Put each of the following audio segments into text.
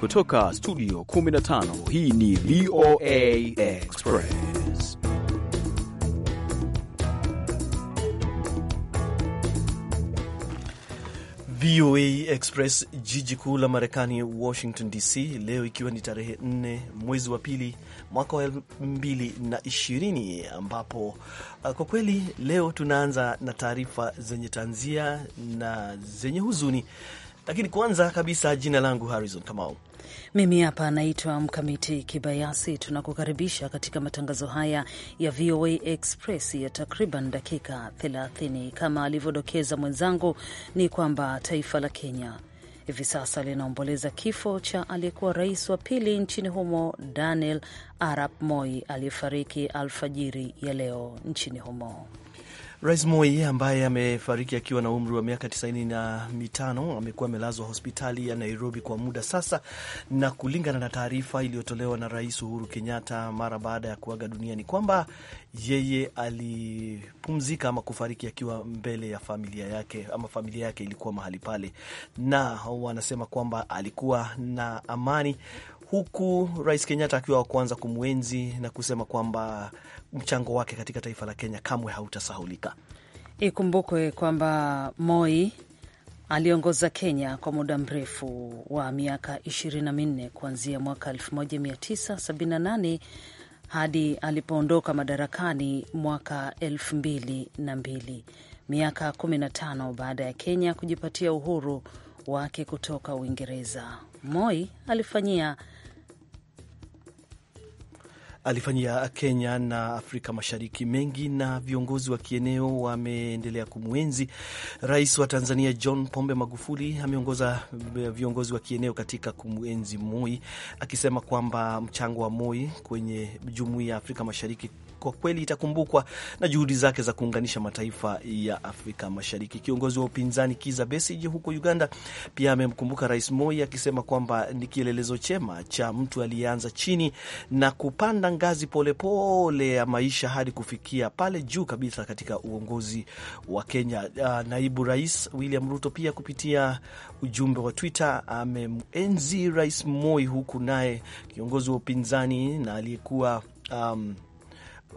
kutoka studio 15 hii ni VOA Express. VOA Express, jiji kuu la Marekani, Washington DC, leo ikiwa ni tarehe 4 mwezi wa pili mwaka wa 2020 ambapo uh, kwa kweli leo tunaanza na taarifa zenye tanzia na zenye huzuni, lakini kwanza kabisa, jina langu Harrison Kamau. Mimi hapa naitwa Mkamiti Kibayasi. Tunakukaribisha katika matangazo haya ya VOA Express ya takriban dakika 30. Kama alivyodokeza mwenzangu, ni kwamba taifa la Kenya hivi sasa linaomboleza kifo cha aliyekuwa rais wa pili nchini humo Daniel Arap Moi aliyefariki alfajiri ya leo nchini humo. Rais Moi ambaye amefariki akiwa na umri wa miaka tisaini na mitano amekuwa amelazwa hospitali ya Nairobi kwa muda sasa, na kulingana na taarifa iliyotolewa na Rais Uhuru Kenyatta mara baada ya kuaga dunia ni kwamba yeye alipumzika ama kufariki akiwa mbele ya familia yake, ama familia yake ilikuwa mahali pale, na wanasema kwamba alikuwa na amani huku Rais Kenyatta akiwa wa kwanza kumwenzi na kusema kwamba mchango wake katika taifa la Kenya kamwe hautasahulika. Ikumbukwe kwamba Moi aliongoza Kenya kwa muda mrefu wa miaka 24 kuanzia mwaka 1978 hadi alipoondoka madarakani mwaka 2002, miaka 15 baada ya Kenya kujipatia uhuru wake kutoka Uingereza. Moi alifanyia alifanyia Kenya na Afrika Mashariki mengi, na viongozi wa kieneo wameendelea kumwenzi rais wa Tanzania John Pombe Magufuli. Ameongoza viongozi wa kieneo katika kumwenzi Moi, akisema kwamba mchango wa Moi kwenye jumuiya ya Afrika Mashariki kwa kweli itakumbukwa na juhudi zake za kuunganisha mataifa ya Afrika Mashariki. Kiongozi wa upinzani Kiza Besige huko Uganda pia amemkumbuka Rais Moi akisema kwamba ni kielelezo chema cha mtu aliyeanza chini na kupanda ngazi polepole pole ya maisha hadi kufikia pale juu kabisa katika uongozi wa Kenya. Ah, naibu Rais William Ruto pia kupitia ujumbe wa Twitter amemenzi Rais Moi, huku naye kiongozi wa upinzani na aliyekuwa um,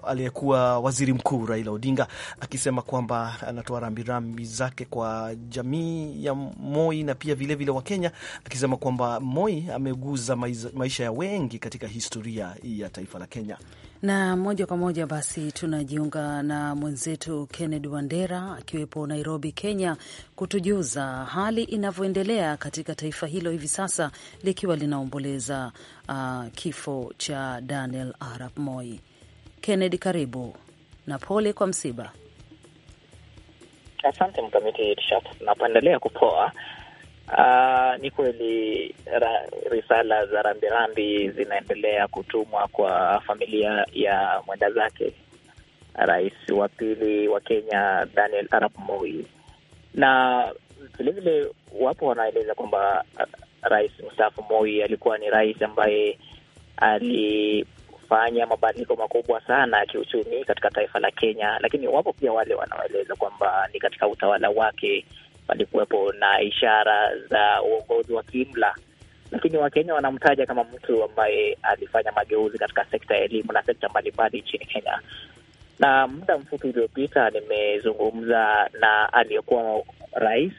aliyekuwa waziri mkuu Raila Odinga akisema kwamba anatoa rambirambi zake kwa jamii ya Moi na pia vilevile Wakenya, akisema kwamba Moi ameguza maisha ya wengi katika historia ya taifa la Kenya. Na moja kwa moja basi tunajiunga na mwenzetu Kennedy Wandera akiwepo Nairobi, Kenya, kutujuza hali inavyoendelea katika taifa hilo hivi sasa likiwa linaomboleza uh, kifo cha Daniel Arap Moi. Kennedy, karibu na pole kwa msiba. Asante mkamiti napoendelea kupoa. Uh, ni kweli risala za rambirambi zinaendelea kutumwa kwa familia ya mwenda zake rais wa pili wa Kenya Daniel Arap Moi, na vilevile wapo wanaeleza kwamba rais mstaafu Moi alikuwa ni rais ambaye ali kufanya mabadiliko makubwa sana ya kiuchumi katika taifa la Kenya, lakini wapo pia wale wanaoeleza kwamba ni katika utawala wake palikuwepo na ishara za uongozi wa kiimla, lakini Wakenya wanamtaja kama mtu ambaye alifanya mageuzi katika sekta ya elimu na sekta mbalimbali nchini Kenya. Na muda mfupi uliopita nimezungumza na aliyekuwa rais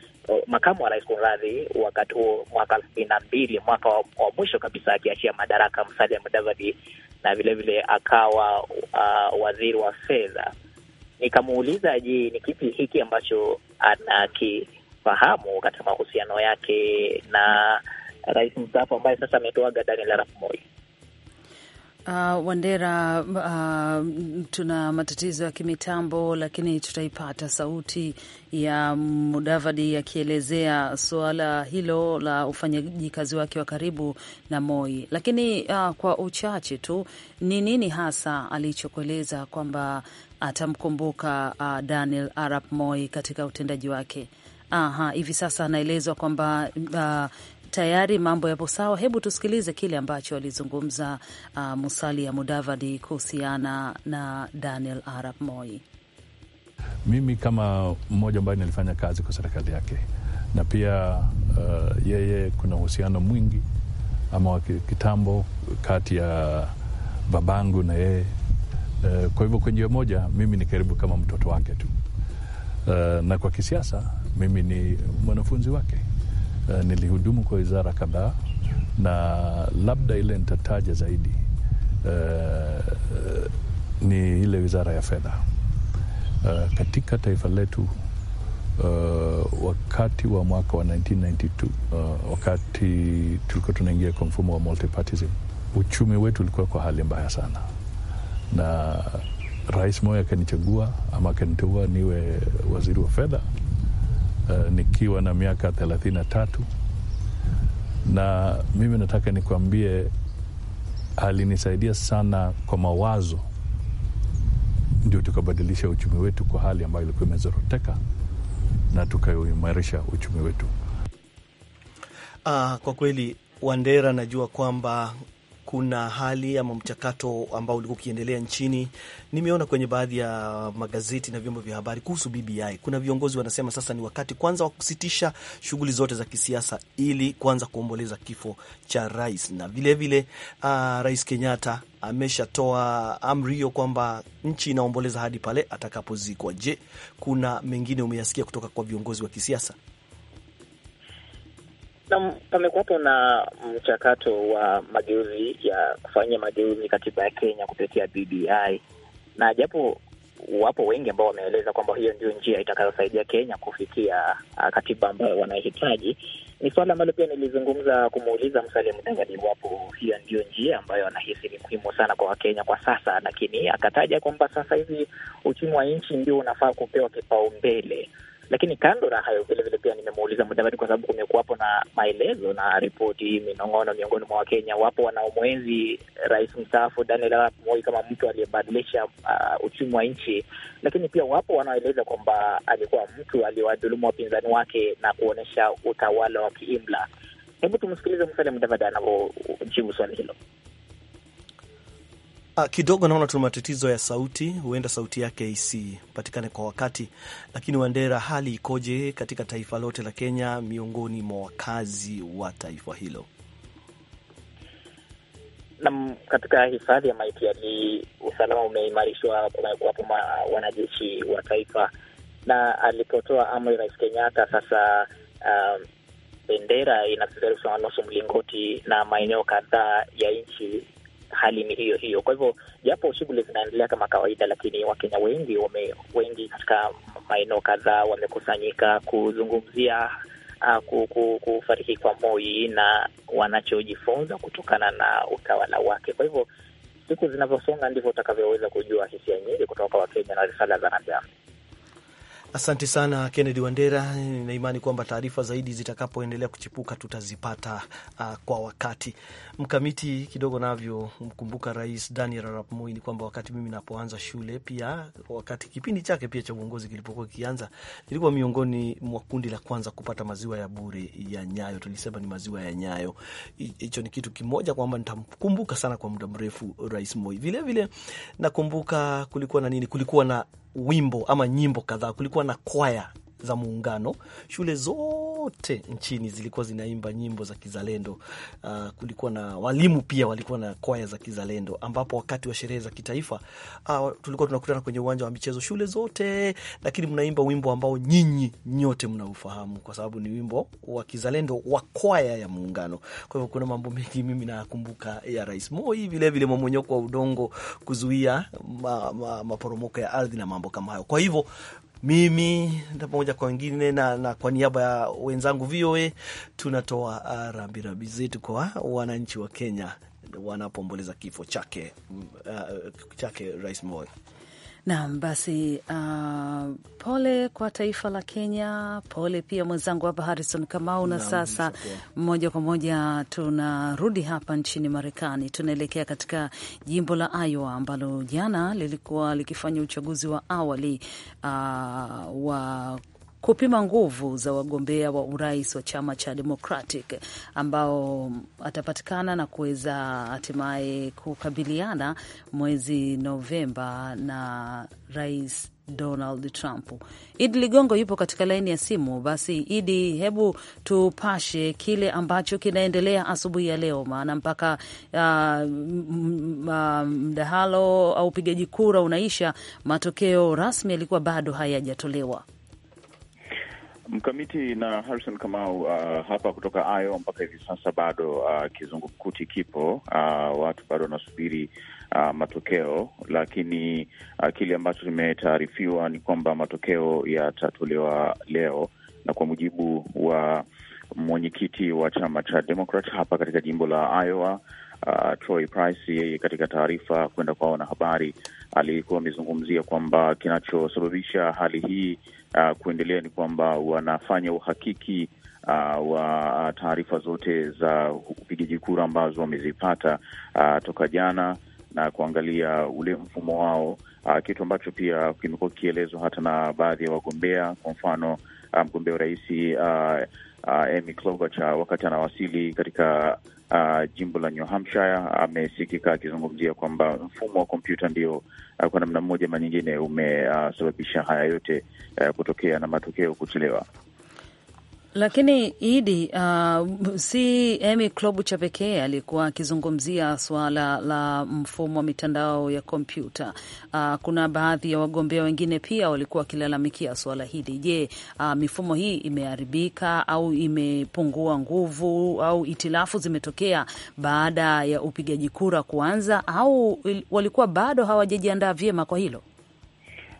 makamu wa rais kunradhi, wakati huo mwaka elfu mbili na mbili mwaka wa, wa mwisho kabisa akiachia madaraka Musalia Mudavadi, na vilevile vile akawa uh, waziri wa fedha. Nikamuuliza, je, ni kipi hiki ambacho anakifahamu katika mahusiano yake na rais mstaafu ambaye sasa ametoa gadani la Raf Moi? Uh, Wandera, uh, tuna matatizo ya kimitambo, lakini tutaipata sauti ya Mudavadi akielezea suala hilo la ufanyaji kazi wake wa karibu na Moi. Lakini uh, kwa uchache tu, ni nini hasa alichokueleza kwamba atamkumbuka uh, Daniel Arap Moi katika utendaji wake? Aha, hivi sasa anaelezwa kwamba uh, tayari mambo yapo sawa. Hebu tusikilize kile ambacho alizungumza uh, Musalia Mudavadi kuhusiana na Daniel Arap Moi. Mimi kama mmoja ambaye nilifanya kazi kwa serikali yake na pia uh, yeye, kuna uhusiano mwingi ama wa kitambo kati ya babangu na yeye uh, kwa hivyo kwa njia moja mimi ni karibu kama mtoto wake tu uh, na kwa kisiasa mimi ni mwanafunzi wake uh, nilihudumu kwa wizara kadhaa, na labda ile nitataja zaidi uh, ni ile wizara ya fedha uh, katika taifa letu uh, wakati wa mwaka wa 1992 uh, wakati tulikuwa tunaingia kwa mfumo wa multipartism, uchumi wetu ulikuwa kwa hali mbaya sana na Rais Moi akanichagua ama akaniteua niwe waziri wa fedha uh, nikiwa na miaka thelathini na tatu na mimi nataka nikuambie, alinisaidia sana kwa mawazo, ndio tukabadilisha uchumi wetu kwa hali ambayo ilikuwa imezoroteka na tukaimarisha uchumi wetu. Ah, kwa kweli Wandera, najua kwamba kuna hali ama mchakato ambao ulikuwa ukiendelea nchini. Nimeona kwenye baadhi ya magazeti na vyombo vya habari kuhusu BBI, kuna viongozi wanasema sasa ni wakati kwanza wa kusitisha shughuli zote za kisiasa ili kwanza kuomboleza kifo cha rais, na vilevile vile, uh, Rais Kenyatta ameshatoa amri hiyo kwamba nchi inaomboleza hadi pale atakapozikwa. Je, kuna mengine umeyasikia kutoka kwa viongozi wa kisiasa? na pamekuwapo na mchakato wa mageuzi ya kufanya mageuzi katiba ya Kenya kupitia BBI, na japo wapo wengi ambao wameeleza kwamba hiyo ndio njia itakayosaidia Kenya kufikia uh, katiba ambayo wanahitaji, ni suala ambalo pia nilizungumza kumuuliza Musalia Mudavadi iwapo hiyo ndio njia ambayo anahisi ni muhimu sana kwa Wakenya kwa sasa, lakini akataja kwamba sasa hivi uchumi wa nchi ndio unafaa kupewa kipaumbele. Lakini kando na hayo, vilevile pia nimemuuliza Mudavadi kwa sababu kumekuwapo na maelezo na ripoti, minong'ono miongoni mwa Wakenya, wapo wanaomwenzi rais mstaafu Daniel Arap Moi kama mtu aliyebadilisha uh, uchumi wa nchi, lakini pia wapo wanaoeleza kwamba alikuwa mtu aliyewadhulumu wapinzani wake na kuonyesha utawala wa kiimla. Hebu tumsikilize Musalia Mudavadi anavyojibu swali hilo. Ah, kidogo naona tuna matatizo ya sauti, huenda sauti yake isipatikane kwa wakati. Lakini Wandera, hali ikoje katika taifa lote la Kenya miongoni mwa wakazi wa taifa hilo? Nam, katika hifadhi ya maiti usalama umeimarishwa kuwapo wanajeshi wa taifa, na alipotoa amri Rais Kenyatta, sasa uh, bendera inapeperushwa nusu mlingoti na maeneo kadhaa ya nchi hali ni hiyo hiyo. Kwa hivyo japo shughuli zinaendelea kama kawaida, lakini Wakenya wengi wame, wengi katika maeneo kadhaa wamekusanyika kuzungumzia ah, kufariki kwa Moi na wanachojifunza kutokana na utawala wake. Kwa hivyo siku zinavyosonga ndivyo utakavyoweza kujua hisia nyingi kutoka kwa Wakenya na risala za Rambirambi. Asante sana Kennedy Wandera, naimani kwamba taarifa zaidi zitakapoendelea kuchipuka tutazipata uh, kwa wakati mkamiti kidogo. Navyo mkumbuka Rais Daniel Arap Moi ni kwamba wakati mimi napoanza shule pia, wakati kipindi chake pia cha uongozi kilipokuwa kikianza, nilikuwa miongoni mwa kundi la kwanza kupata maziwa ya bure ya Nyayo, tulisema ni maziwa ya Nyayo. Hicho ni kitu kimoja kwamba nitamkumbuka sana kwa muda mrefu Rais Moi. Vilevile nakumbuka kulikuwa na nini, kulikuwa na wimbo ama nyimbo kadhaa, kulikuwa na kwaya za muungano, shule zote kote nchini zilikuwa zinaimba nyimbo za kizalendo. Uh, kulikuwa na walimu pia walikuwa na kwaya za kizalendo, ambapo wakati wa sherehe za kitaifa uh, tulikuwa tunakutana kwenye uwanja wa michezo shule zote, lakini mnaimba wimbo ambao nyinyi nyote mnaufahamu kwa sababu ni wimbo wa kizalendo wa kwaya ya Muungano. Kwa hivyo kuna mambo mengi mimi nakumbuka ya Rais Moi, vilevile mamonyoko wa udongo kuzuia maporomoko ma, ma ya ardhi na mambo kama hayo. Kwa hivyo mimi na pamoja kwa wengine na, na kwa niaba ya wenzangu VOA tunatoa rambirambi ah, zetu kwa wananchi wa Kenya wanapoomboleza kifo chake, uh, chake Rais Moi. Naam, basi uh, pole kwa taifa la Kenya, pole pia mwenzangu hapa Harrison Kamau. Na sasa moja kwa moja tunarudi hapa nchini Marekani, tunaelekea katika jimbo la Iowa ambalo jana lilikuwa likifanya uchaguzi wa awali uh, wa kupima nguvu za wagombea wa urais wa chama cha Democratic ambao atapatikana na kuweza hatimaye kukabiliana mwezi Novemba na rais Donald Trump. Idi Ligongo yupo katika laini ya simu. Basi Idi, hebu tupashe kile ambacho kinaendelea asubuhi ya leo, maana mpaka uh, uh mdahalo au upigaji kura unaisha, matokeo rasmi yalikuwa bado hayajatolewa. Mkamiti na Harrison Kamau. Uh, hapa kutoka Ayo mpaka hivi sasa bado uh, kizungumkuti kipo. Uh, watu bado wanasubiri uh, matokeo, lakini uh, kile ambacho kimetaarifiwa ni kwamba matokeo yatatolewa leo, na kwa mujibu wa mwenyekiti wa chama cha Demokrat hapa katika jimbo la Iowa Uh, Troy Price yeye katika taarifa kwenda kwa wanahabari alikuwa amezungumzia kwamba kinachosababisha hali hii uh, kuendelea ni kwamba wanafanya uhakiki Uh, wa taarifa zote za upigaji kura ambazo wamezipata uh, toka jana na kuangalia ule mfumo wao uh, kitu ambacho pia kimekuwa kikielezwa hata na baadhi ya wagombea. Kwa mfano uh, mgombea um, wa rais uh, uh, Amy Klobuchar wakati anawasili katika uh, jimbo la New Hampshire, amesikika akizungumzia kwamba mfumo wa kompyuta ndio uh, kwa namna moja ama nyingine umesababisha uh, haya yote uh, kutokea na matokeo kuchelewa. Lakini Idi, uh, si Amy Klobuchar pekee alikuwa akizungumzia suala la mfumo wa mitandao ya kompyuta. Uh, kuna baadhi ya wagombea wengine pia walikuwa wakilalamikia suala hili. Je, uh, mifumo hii imeharibika au imepungua nguvu au itilafu zimetokea baada ya upigaji kura kuanza au walikuwa bado hawajajiandaa vyema kwa hilo?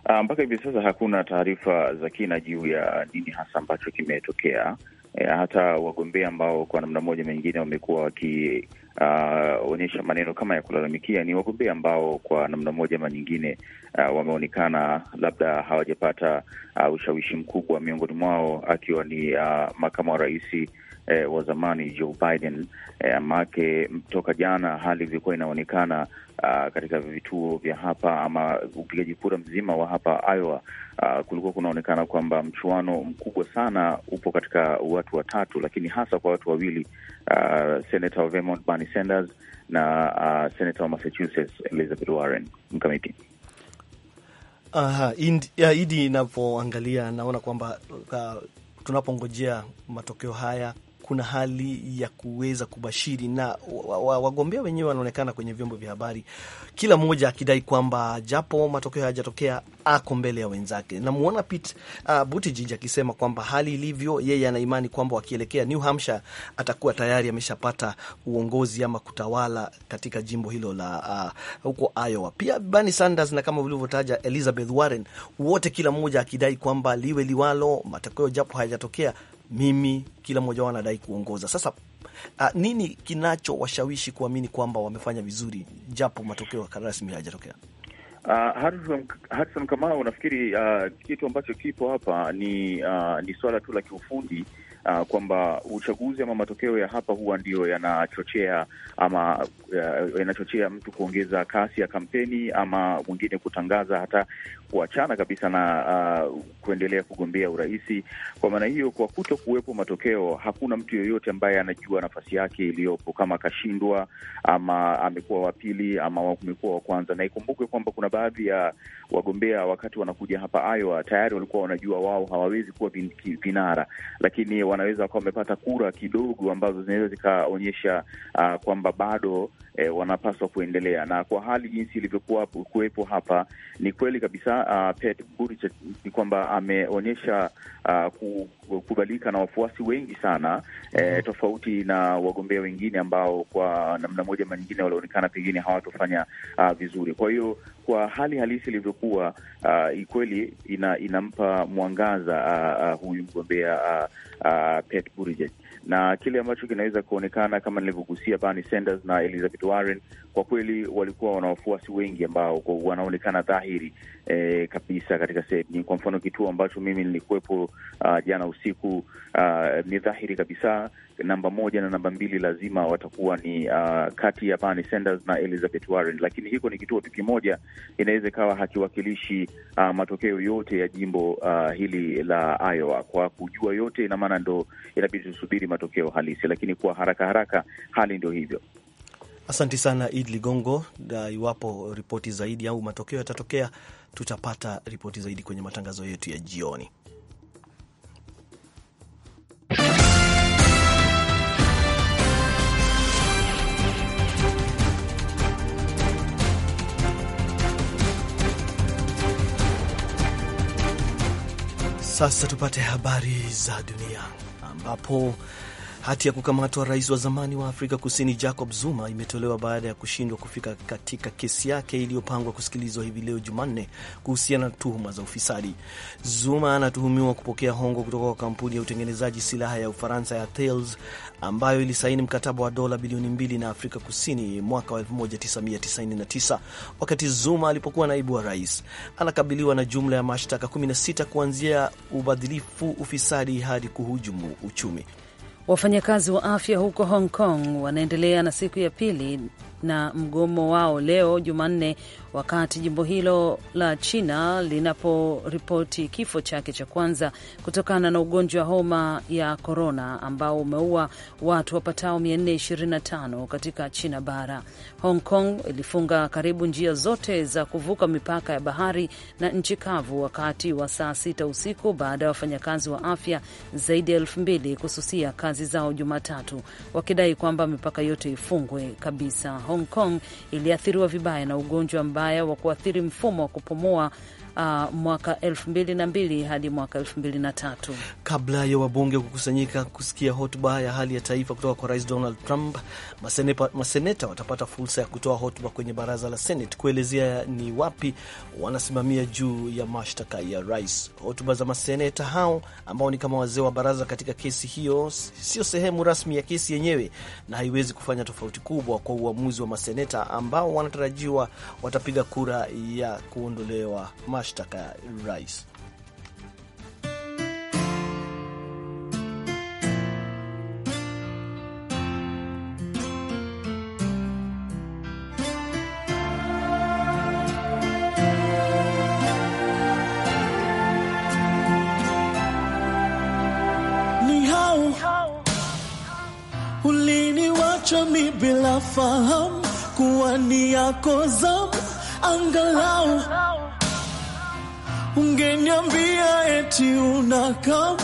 Ah, mpaka hivi sasa hakuna taarifa za kina juu ya nini hasa ambacho kimetokea. E, hata wagombea ambao kwa namna moja mengine wamekuwa wakionyesha ah, uh, maneno kama ya kulalamikia ni wagombea ambao kwa namna moja ama nyingine uh, wameonekana labda hawajapata uh, ushawishi mkubwa, miongoni mwao akiwa ni uh, makamu wa rais eh, wa zamani Joe Biden eh, amake toka jana hali ilikuwa inaonekana Uh, katika vituo vya hapa ama upigaji kura mzima wa hapa Iowa, uh, kulikuwa kunaonekana kwamba mchuano mkubwa sana upo katika watu watatu, lakini hasa kwa watu wawili, uh, ah, senata wa Vermont Bernie Sanders na uh, senata wa Massachusetts Elizabeth Warren. Mkamiti idi inapoangalia naona kwamba uh, tunapongojea matokeo haya kuna hali ya kuweza kubashiri, na wagombea wenyewe wanaonekana kwenye vyombo vya habari, kila mmoja akidai kwamba japo matokeo hayajatokea ako mbele ya wenzake. Namwona Pete uh, Buttigieg akisema kwamba hali ilivyo, yeye ana imani kwamba wakielekea New Hampshire atakuwa tayari ameshapata uongozi ama kutawala katika jimbo hilo la uh, huko Iowa. Pia Bernie Sanders na kama vilivyotaja Elizabeth Warren, wote kila mmoja akidai kwamba liwe liwalo, matokeo japo hayajatokea mimi, kila mmoja wao anadai kuongoza. Sasa uh, nini kinachowashawishi kuamini kwamba wamefanya vizuri japo matokeo rasmi hayajatokea? Uh, Harrison, Kamau, nafikiri uh, kitu ambacho kipo hapa ni uh, ni swala tu la kiufundi uh, kwamba uchaguzi ama matokeo ya hapa huwa ndio yanachochea ama uh, yanachochea mtu kuongeza kasi ya kampeni ama mwingine kutangaza hata kuachana kabisa na uh, kuendelea kugombea urahisi Kwa maana hiyo, kwa kuto kuwepo matokeo, hakuna mtu yoyote ambaye anajua nafasi yake iliyopo, kama akashindwa ama amekuwa wa pili ama amekuwa wa kwanza. Na ikumbukwe kwamba kuna baadhi ya wagombea wakati wanakuja hapa Iowa tayari walikuwa wanajua wao hawawezi kuwa vinara, lakini wanaweza wakawa wamepata kura kidogo ambazo zinaweza zikaonyesha uh, kwamba bado E, wanapaswa kuendelea. Na kwa hali jinsi ilivyokuwa kuwepo hapa, ni kweli kabisa uh, Buttigieg ni kwamba ameonyesha uh, kukubalika na wafuasi wengi sana e, tofauti na wagombea wengine ambao kwa namna moja ama nyingine walionekana pengine hawatofanya uh, vizuri. Kwa hiyo kwa hali halisi ilivyokuwa, uh, kweli ina, inampa mwangaza uh, uh, huyu mgombea uh, uh, pet Pete Buttigieg na kile ambacho kinaweza kuonekana kama nilivyogusia, Bernie Sanders na Elizabeth Warren kwa kweli walikuwa wana wafuasi wengi ambao wanaonekana dhahiri e, kabisa katika sehemu. nyingi Kwa mfano kituo ambacho mimi nilikuwepo uh, jana usiku uh, ni dhahiri kabisa namba moja na namba mbili lazima watakuwa ni uh, kati ya Bernie Sanders na Elizabeth Warren, lakini hiko ni kituo tu kimoja, inaweza ikawa hakiwakilishi uh, matokeo yote ya jimbo uh, hili la Iowa. Kwa kujua yote, ina maana ndo inabidi tusubiri matokeo halisi, lakini kwa haraka haraka hali ndio hivyo. Asanti sana Id Ligongo. Iwapo ripoti zaidi au matokeo yatatokea, tutapata ripoti zaidi kwenye matangazo yetu ya jioni. Sasa tupate habari za dunia ambapo Hati ya kukamatwa rais wa zamani wa Afrika Kusini Jacob Zuma imetolewa baada ya kushindwa kufika katika kesi yake iliyopangwa kusikilizwa hivi leo Jumanne kuhusiana na tuhuma za ufisadi. Zuma anatuhumiwa kupokea hongo kutoka kwa kampuni ya utengenezaji silaha ya Ufaransa ya Thales ambayo ilisaini mkataba wa dola bilioni mbili na Afrika Kusini mwaka wa 1999 wakati Zuma alipokuwa naibu wa rais. Anakabiliwa na jumla ya mashtaka 16 kuanzia ubadhilifu, ufisadi hadi kuhujumu uchumi. Wafanyakazi wa afya huko Hong Kong wanaendelea na siku ya pili na mgomo wao leo Jumanne, wakati jimbo hilo la China linaporipoti kifo chake cha kwanza kutokana na ugonjwa wa homa ya korona ambao umeua watu wapatao 425 katika China bara. Hong Kong ilifunga karibu njia zote za kuvuka mipaka ya bahari na nchi kavu wakati wa saa sita usiku baada ya wafanyakazi wa afya zaidi ya elfu mbili kususia kazi zao Jumatatu, wakidai kwamba mipaka yote ifungwe kabisa. Hong Kong iliathiriwa vibaya na ugonjwa mbaya wa kuathiri mfumo wa kupumua uh, mwaka elfu mbili na mbili hadi mwaka elfu mbili na tatu kabla ya wabunge kukusanyika kusikia hotuba ya hali ya taifa kutoka kwa Rais Donald Trump. Maseneta, maseneta watapata fursa ya kutoa hotuba kwenye baraza la Senate kuelezea ni wapi wanasimamia juu ya mashtaka ya rais. Hotuba za maseneta hao ambao ni kama wazee wa baraza katika kesi hiyo sio sehemu rasmi ya kesi yenyewe na haiwezi kufanya tofauti kubwa kwa uamuzi wa maseneta ambao wanatarajiwa watapiga kura ya kuondolewa mashtaka ya rais. Mimi bila fahamu kuwa ni yako zamu angalau ungeniambia eti una kam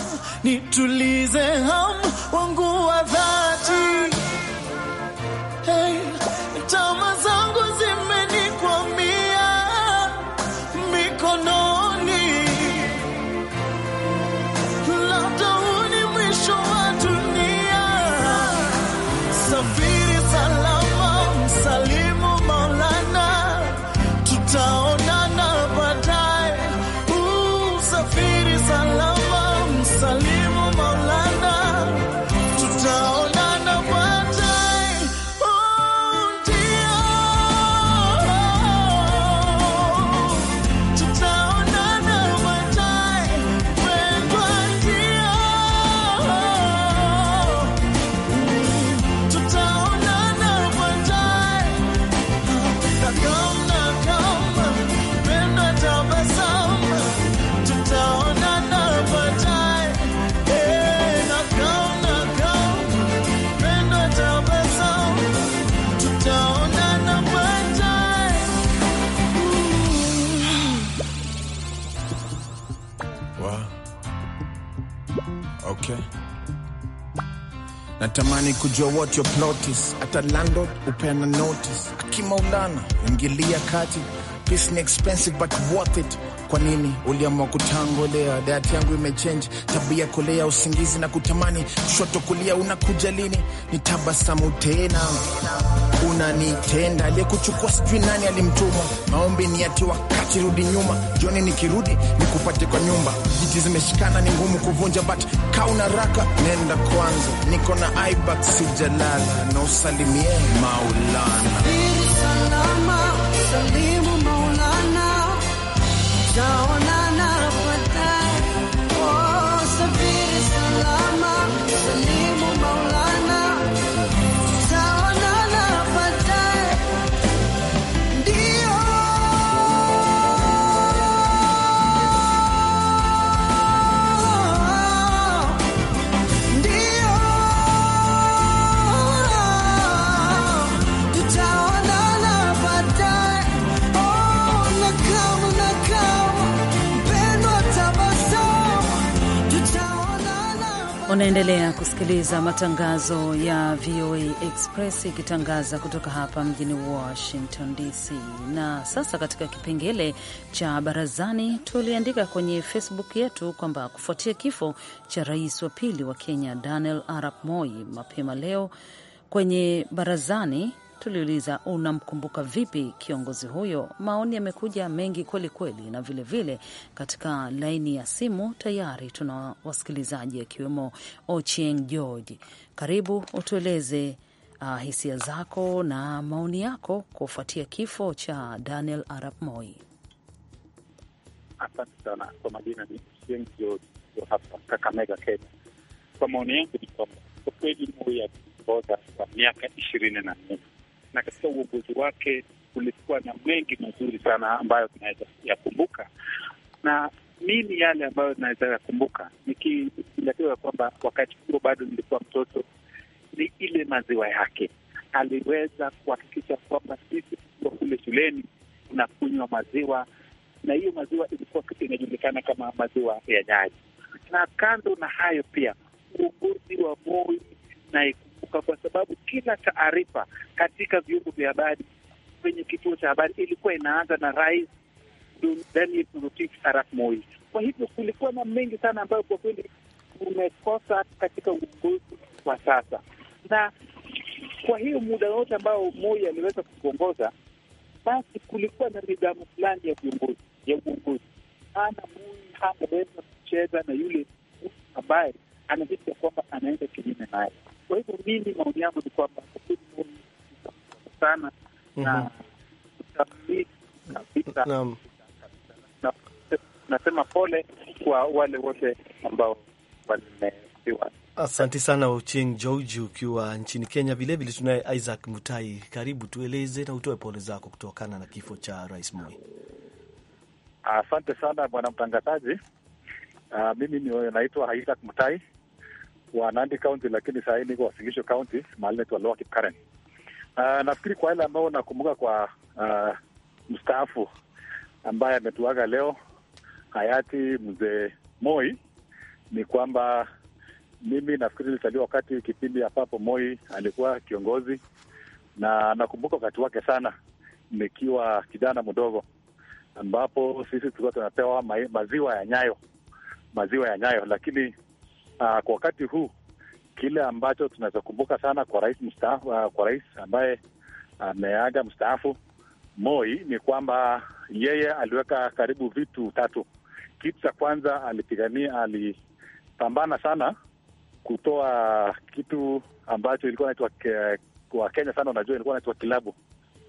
nitulize ham wangu wa dhati hey. Natamani kujua what your plot is. Hata landlord upeana notice. Akimaulana ingilia kati. Peace ni expensive but worth it. Kwa nini uliamua kutangolea? Dayati yangu imechange tabia, kulea, usingizi na kutamani kushoto kulia. Unakuja lini? Ni tabasamu tena unanitenda aliyekuchukua sijui nani alimtuma. Maombi ni ati wakati rudi nyuma, joni nikirudi nikupate kwa nyumba. Jiti zimeshikana ni ngumu kuvunja, but kauna raka nenda kwanza, niko na aiba sijalala, na usalimie Maulana salama, salimu Maulana Unaendelea kusikiliza matangazo ya VOA Express ikitangaza kutoka hapa mjini Washington DC. Na sasa katika kipengele cha barazani, tuliandika kwenye Facebook yetu kwamba kufuatia kifo cha rais wa pili wa Kenya Daniel Arap Moi mapema leo kwenye barazani Tuliuliza unamkumbuka vipi kiongozi huyo? Maoni yamekuja mengi kweli kweli, na vilevile vile, katika laini ya simu tayari tuna wasikilizaji akiwemo Ochieng George. Karibu utueleze uh, hisia zako na maoni yako kufuatia kifo cha Daniel Arap Moi. Asante sana kwa majina ni Ochieng George hapa Kakamega, Kenya. Kwa maoni yangu ni kwamba kwa kweli Moi aliongoza kwa miaka ishirini na nne na katika uongozi wake kulikuwa na mengi mazuri sana ambayo tunaweza yakumbuka, na mimi yale ambayo inaweza yakumbuka nikizingatiwa kwamba wakati huo bado nilikuwa mtoto, ni ile maziwa yake. Aliweza kuhakikisha kwamba sisi tuko kule shuleni tunakunywa maziwa, na hiyo maziwa ilikuwa inajulikana kama maziwa ya nyaji Na kando na hayo, pia uongozi wa Moi na kuanguka, kwa sababu kila taarifa katika vyombo vya habari kwenye kituo cha habari ilikuwa inaanza na rais Daniel Toroitich arap Moi. Kwa hivyo kulikuwa na mengi sana ambayo kwa kweli umekosa katika uongozi wa sasa, na kwa hiyo muda wote ambao Moi aliweza kukuongoza basi kulikuwa na nidhamu fulani ya viongozi ya uongozi. Ana Moi hangeweza kucheza na yule ambaye anahisi kwamba anaenda kinyume naye. Kwa hivyo mimi maoni yangu ni kwamba sana mhm. na kabisa, nasema pole kwa wale wote ambao wamefiwa. Asante sana Ochieng George ukiwa nchini Kenya. Vilevile tunaye Isaac Mutai, karibu tueleze na utoe pole zako kutokana na kifo cha Rais Moi. Asante sana bwana mtangazaji. Uh, mimi naitwa Isaac Mutai wa Nandi County, lakini saa hii niko Wasigisho County, mahali naitwa Kipkaren. Uh, nafikiri kwa yale ambayo nakumbuka kwa uh, mstaafu ambaye ametuaga leo hayati mzee Moi ni kwamba mimi nafikiri nilizaliwa wakati kipindi ambapo Moi alikuwa kiongozi, na nakumbuka wakati wake sana nikiwa kijana mdogo, ambapo sisi tulikuwa tunapewa maziwa ya nyayo, maziwa ya nyayo, lakini Ah, kwa wakati huu kile ambacho tunachokumbuka sana kwa rais mstaafu, ah, kwa rais ambaye ameaga mstaafu Moi ni kwamba yeye aliweka karibu vitu tatu. Kitu cha kwanza alipigania, alipambana sana kutoa kitu ambacho ilikuwa naitwa kwa Kenya sana, unajua ilikuwa naitwa kilabu,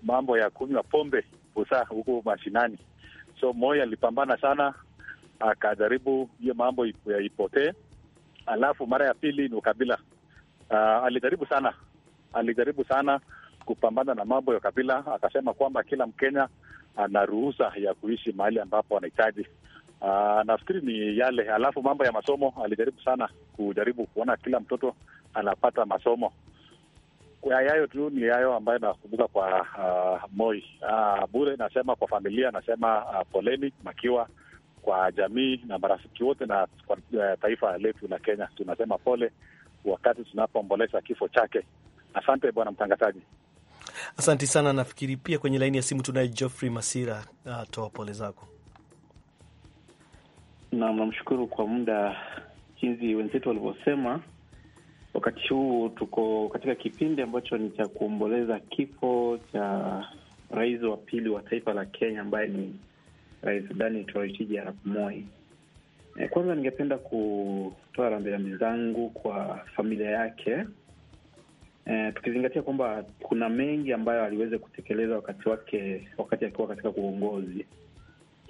mambo ya kunywa pombe busaa huku mashinani. So Moi alipambana sana akajaribu hiyo mambo ipotee, alafu mara ya pili ni ukabila. Uh, alijaribu sana, alijaribu sana kupambana na mambo ya ukabila, akasema kwamba kila Mkenya ana ruhusa ya kuishi mahali ambapo anahitaji. Uh, nafikiri ni yale. Alafu mambo ya masomo alijaribu sana kujaribu kuona kila mtoto anapata masomo. Kwa yayo tu ni yayo ambayo nakumbuka kwa uh, Moi. Uh, Bure nasema kwa familia, nasema uh, poleni makiwa kwa jamii na marafiki wote na kwa eh, taifa letu la Kenya. Tunasema pole wakati tunapoomboleza kifo chake. Asante bwana mtangazaji. Asante sana. Nafikiri pia kwenye laini ya simu tunaye Geoffrey Masira. Uh, toa pole zako. Naam, namshukuru kwa muda jinsi wenzetu walivyosema. Wakati huu tuko katika kipindi ambacho ni cha kuomboleza kifo cha rais wa pili wa taifa la Kenya ambaye ni Rais Daniel Toroitich arap Moi. E, kwanza ningependa kutoa rambirambi zangu kwa familia yake e, tukizingatia kwamba kuna mengi ambayo aliweza kutekeleza wakati wake wakati akiwa katika uongozi.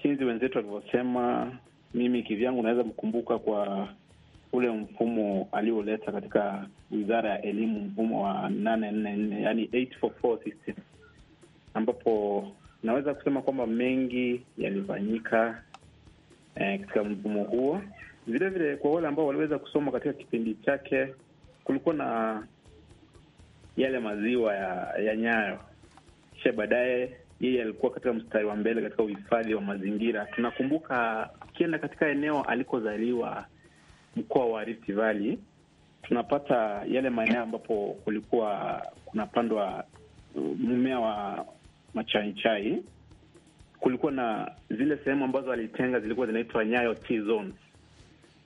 Chinzi wenzetu alivyosema, mimi kivyangu naweza mkumbuka kwa ule mfumo alioleta katika wizara ya elimu, mfumo wa nane nne nne, yani 844 system ambapo naweza kusema kwamba mengi yalifanyika eh, katika mfumo huo. Vilevile kwa wale ambao waliweza kusoma katika kipindi chake, kulikuwa na yale maziwa ya, ya Nyayo, kisha baadaye yeye alikuwa katika mstari wa mbele katika uhifadhi wa mazingira. Tunakumbuka ukienda katika eneo alikozaliwa mkoa wa Rift Valley, tunapata yale maeneo ambapo kulikuwa kunapandwa uh, mmea wa Machai Chai, kulikuwa na zile sehemu ambazo alitenga zilikuwa zinaitwa Nyayo T zones.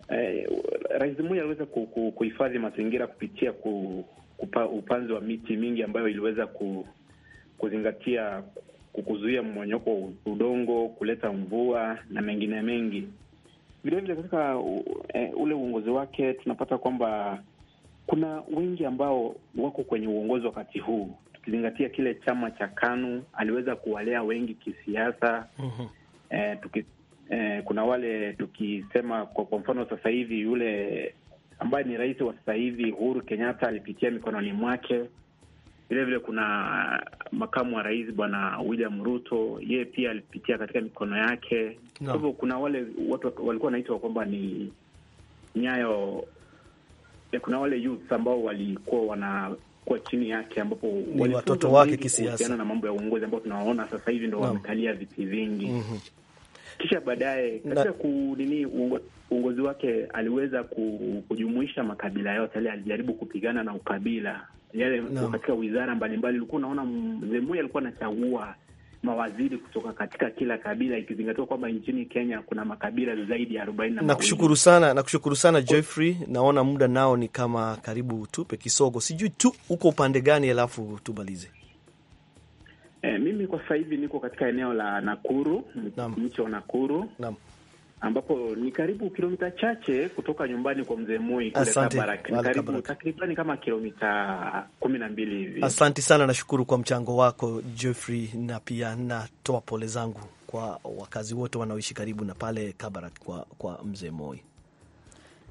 Eh, Rais Moi aliweza kuhifadhi mazingira kupitia ku, kupa, upanzi wa miti mingi ambayo iliweza ku, kuzingatia kuzuia mmonyoko wa udongo, kuleta mvua na mengine mengi. Vilevile katika e, ule uongozi wake tunapata kwamba kuna wengi ambao wako kwenye uongozi wakati huu ukizingatia kile chama cha KANU aliweza kuwalea wengi kisiasa. mm E, tuki, e, kuna wale tukisema kwa, kwa mfano sasa hivi yule ambaye ni rais wa sasa hivi Uhuru Kenyatta alipitia mikononi mwake. Vilevile kuna makamu wa rais bwana William Ruto, yeye pia alipitia katika mikono yake. Kwa hivyo no. kuna wale watu walikuwa wanaitwa kwamba ni nyayo, eh, kuna wale youth ambao walikuwa wana kuwa chini yake, ambapo ni watoto wake kisiasa na mambo ya uongozi ambao tunawaona sasa hivi ndo wamekalia viti vingi mm -hmm. Kisha baadaye katika kunini uongozi wake aliweza kujumuisha makabila yote yale, alijaribu kupigana na ukabila yale katika wizara mbalimbali. Ulikuwa unaona mzee mmoja alikuwa anachagua mawaziri kutoka katika kila kabila, ikizingatiwa kwamba nchini Kenya kuna makabila zaidi ya arobaini. Nakushukuru sana, nakushukuru sana Jeffrey. Naona muda nao ni kama karibu tupe kisogo, sijui tu uko upande gani, alafu tumalize. E, mimi kwa sasa hivi niko katika eneo la Nakuru, mji wa Nakuru. Naam ambapo ni karibu kilomita chache kutoka nyumbani kwa mzee Moi kule Kabarak, ni karibu takribani kama kilomita kumi na mbili hivi. Asante sana, nashukuru kwa mchango wako Jeffrey, na pia natoa pole zangu kwa wakazi wote wanaoishi karibu na pale Kabarak kwa, kwa mzee Moi.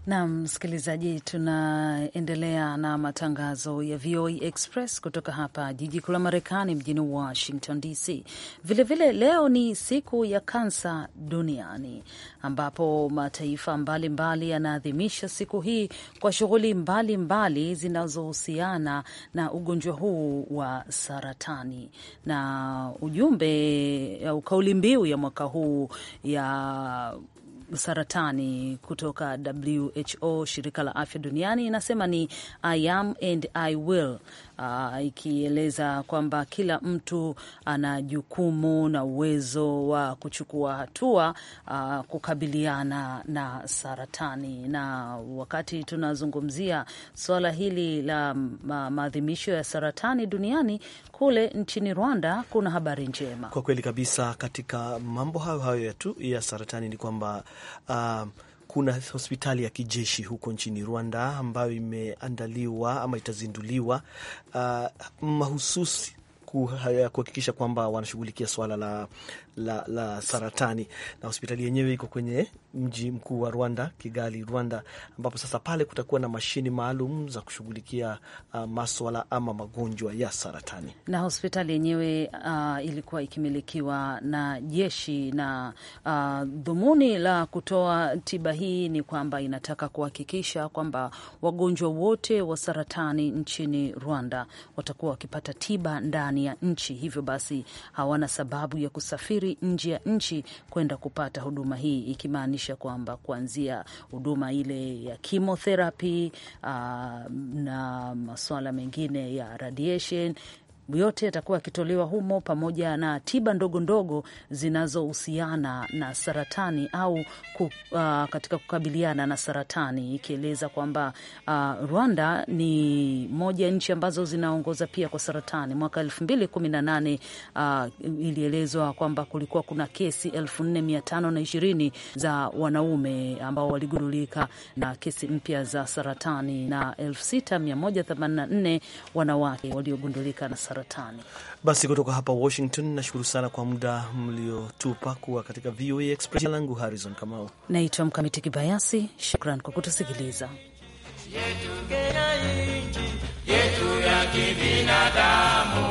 Nam msikilizaji, tunaendelea na matangazo ya VOA Express kutoka hapa jiji kuu la Marekani, mjini Washington DC. Vilevile leo ni siku ya kansa duniani, ambapo mataifa mbalimbali yanaadhimisha siku hii kwa shughuli mbalimbali zinazohusiana na ugonjwa huu wa saratani, na ujumbe au kauli mbiu ya mwaka huu ya saratani kutoka WHO, shirika la afya duniani, inasema ni I am and I will uh, ikieleza kwamba kila mtu ana jukumu na uwezo wa kuchukua hatua uh, kukabiliana na saratani. Na wakati tunazungumzia suala hili la maadhimisho ya saratani duniani, kule nchini Rwanda kuna habari njema kwa kweli kabisa katika mambo hayo hayo tu ya saratani ni kwamba uh, kuna hospitali ya kijeshi huko nchini Rwanda ambayo imeandaliwa ama itazinduliwa uh, mahususi kuhakikisha kwamba wanashughulikia swala la la, la saratani, na hospitali yenyewe iko kwenye mji mkuu wa Rwanda, Kigali, Rwanda, ambapo sasa pale kutakuwa na mashini maalum za kushughulikia uh, maswala ama magonjwa ya saratani. Na hospitali yenyewe uh, ilikuwa ikimilikiwa na jeshi, na uh, dhumuni la kutoa tiba hii ni kwamba inataka kuhakikisha kwamba wagonjwa wote wa saratani nchini Rwanda watakuwa wakipata tiba ndani ya nchi, hivyo basi hawana sababu ya kusafiri kusafiri nje ya nchi kwenda kupata huduma hii, ikimaanisha kwamba kuanzia huduma ile ya chemotherapy uh, na masuala mengine ya radiation yote yatakuwa yakitolewa humo pamoja na tiba ndogo ndogo zinazohusiana na saratani au ku, uh, katika kukabiliana na saratani, ikieleza kwamba uh, Rwanda ni moja nchi ambazo zinaongoza pia kwa saratani. Mwaka elfu mbili kumi na nane uh, ilielezwa kwamba kulikuwa kuna kesi elfu nne mia tano na ishirini za wanaume ambao waligundulika na kesi mpya za saratani na elfu sita mia moja themanini na nne wanawake waliogundulika na saratani saratani. Basi kutoka hapa Washington, nashukuru sana kwa muda mliotupa kuwa katika VOA Express. langu Harrison Kamau, naitwa Mkamiti Kibayasi. Shukran kwa kutusikiliza yetu ya kibinadamu